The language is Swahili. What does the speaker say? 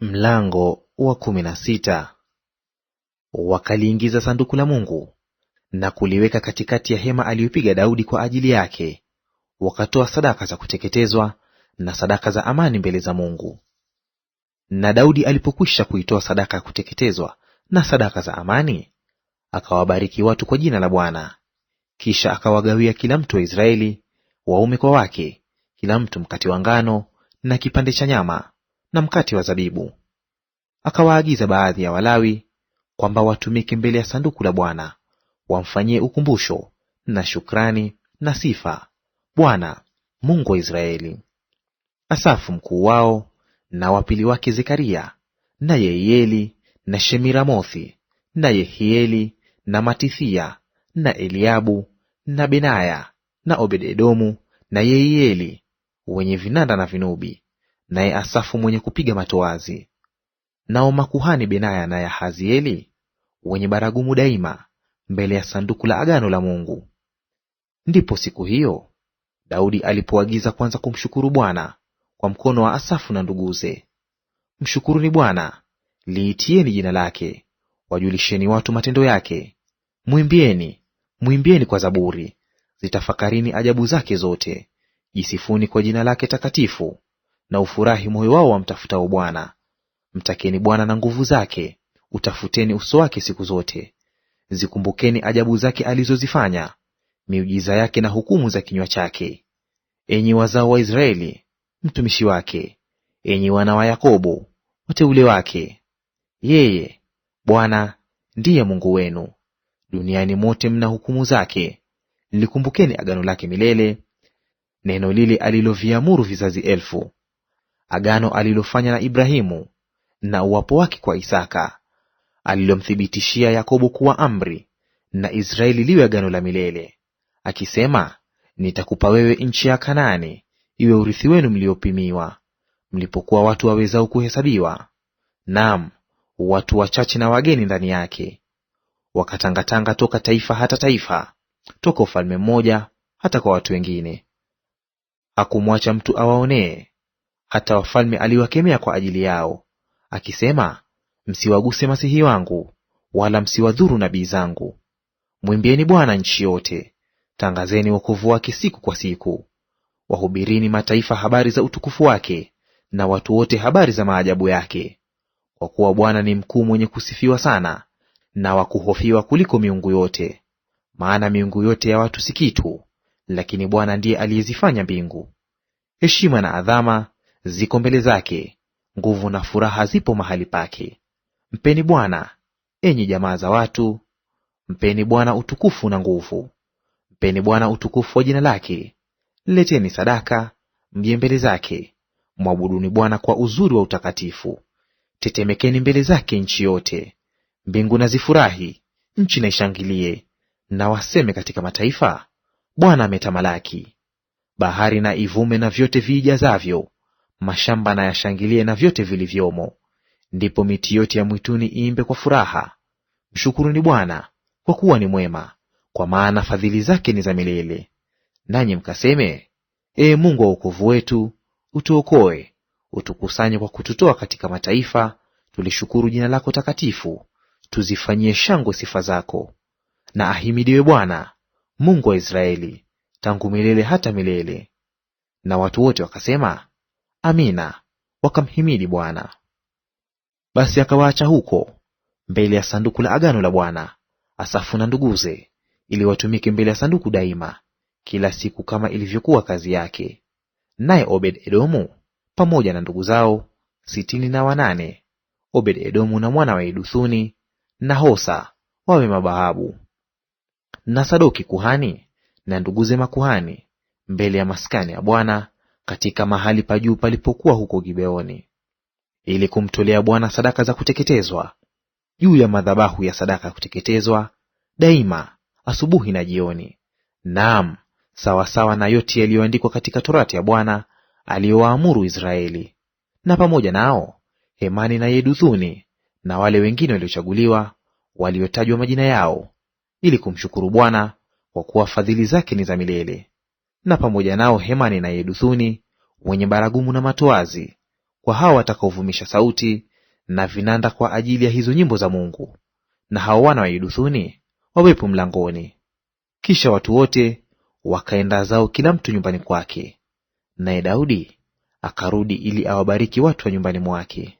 Mlango wa kumi na sita. Wakaliingiza sanduku la Mungu na kuliweka katikati ya hema aliyopiga Daudi kwa ajili yake, wakatoa sadaka za kuteketezwa na sadaka za amani mbele za Mungu. Na Daudi alipokwisha kuitoa sadaka ya kuteketezwa na sadaka za amani, akawabariki watu kwa jina la Bwana. Kisha akawagawia kila mtu wa Israeli, waume kwa wake, kila mtu mkate wa ngano na kipande cha nyama na mkate wa zabibu. Akawaagiza baadhi ya Walawi kwamba watumike mbele ya sanduku la Bwana, wamfanyie ukumbusho na shukrani na sifa Bwana Mungu wa Israeli. Asafu mkuu wao na wapili wake Zekaria na Yehieli na Shemiramothi na Yehieli na Matithia na Eliabu na Benaya na Obededomu na Yehieli wenye vinanda na vinubi naye Asafu mwenye kupiga matoazi. Nao makuhani Benaya na Yahazieli wenye baragumu daima mbele ya sanduku la agano la Mungu. Ndipo siku hiyo Daudi alipoagiza kwanza kumshukuru Bwana kwa mkono wa Asafu na nduguze. Mshukuruni Bwana, liitieni jina lake, wajulisheni watu matendo yake, mwimbieni, mwimbieni kwa zaburi, zitafakarini ajabu zake zote, jisifuni kwa jina lake takatifu na ufurahi moyo wao wamtafutao Bwana. Mtakeni Bwana na nguvu zake, utafuteni uso wake siku zote. Zikumbukeni ajabu zake alizozifanya, miujiza yake na hukumu za kinywa chake. Enyi wazao wa Israeli, mtumishi wake, enyi wana wa Yakobo, wateule wake. Yeye Bwana ndiye Mungu wenu, duniani mote mna hukumu zake. Likumbukeni agano lake milele, neno lile aliloviamuru vizazi elfu agano alilofanya na Ibrahimu na uwapo wake kwa Isaka, alilomthibitishia Yakobo kuwa amri, na Israeli liwe agano la milele, akisema, nitakupa wewe nchi ya Kanaani iwe urithi wenu mliopimiwa, mlipokuwa watu wawezao kuhesabiwa, naam watu wachache na wageni ndani yake. Wakatangatanga toka taifa hata taifa, toka ufalme mmoja hata kwa watu wengine. Hakumwacha mtu awaonee, hata wafalme aliwakemea kwa ajili yao, akisema, msiwaguse masihi wangu, wala msiwadhuru nabii zangu. Mwimbieni Bwana nchi yote, tangazeni wokovu wake siku kwa siku. Wahubirini mataifa habari za utukufu wake, na watu wote habari za maajabu yake. Kwa kuwa Bwana ni mkuu, mwenye kusifiwa sana, na wakuhofiwa kuliko miungu yote. Maana miungu yote ya watu si kitu, lakini Bwana ndiye aliyezifanya mbingu. Heshima na adhama ziko mbele zake, nguvu na furaha zipo mahali pake. Mpeni Bwana, enyi jamaa za watu, mpeni Bwana utukufu na nguvu. Mpeni Bwana utukufu wa jina lake, leteni sadaka, mje mbele zake. Mwabuduni Bwana kwa uzuri wa utakatifu. Tetemekeni mbele zake nchi yote. Mbingu na zifurahi, nchi na ishangilie, na waseme katika mataifa, Bwana ametamalaki. Bahari na ivume na vyote viijazavyo, mashamba na yashangilie na vyote vilivyomo. Ndipo miti yote ya mwituni iimbe kwa furaha. Mshukuruni Bwana, kwa kuwa ni mwema, kwa maana fadhili zake ni za milele. Nanyi mkaseme, Ee Mungu wa wokovu wetu, utuokoe, utukusanye kwa kututoa katika mataifa, tulishukuru jina lako takatifu, tuzifanyie shangwe sifa zako. Na ahimidiwe Bwana Mungu wa Israeli tangu milele hata milele. Na watu wote wakasema, Amina, wakamhimidi Bwana. Basi akawaacha huko mbele ya sanduku la agano la Bwana, Asafu na nduguze, ili watumike mbele ya sanduku daima, kila siku kama ilivyokuwa kazi yake. Naye Obed-Edomu pamoja na ndugu zao sitini na wanane, Obed-Edomu na mwana wa iduthuni na Hosa wawe mabahabu. Na Sadoki kuhani na nduguze makuhani mbele ya maskani ya Bwana katika mahali pa juu palipokuwa huko Gibeoni, ili kumtolea Bwana sadaka za kuteketezwa juu ya madhabahu ya sadaka ya kuteketezwa daima, asubuhi na jioni, naam, sawasawa na yote yaliyoandikwa katika torati ya Bwana aliyowaamuru Israeli. Na pamoja nao Hemani na Yeduthuni na wale wengine waliochaguliwa waliotajwa majina yao, ili kumshukuru Bwana kwa kuwa fadhili zake ni za milele na pamoja nao Hemani na Yeduthuni wenye baragumu na matoazi, kwa hao watakaovumisha sauti na vinanda kwa ajili ya hizo nyimbo za Mungu, na hao wana wa Yeduthuni wawepo mlangoni. Kisha watu wote wakaenda zao kila mtu nyumbani kwake, naye Daudi akarudi ili awabariki watu wa nyumbani mwake.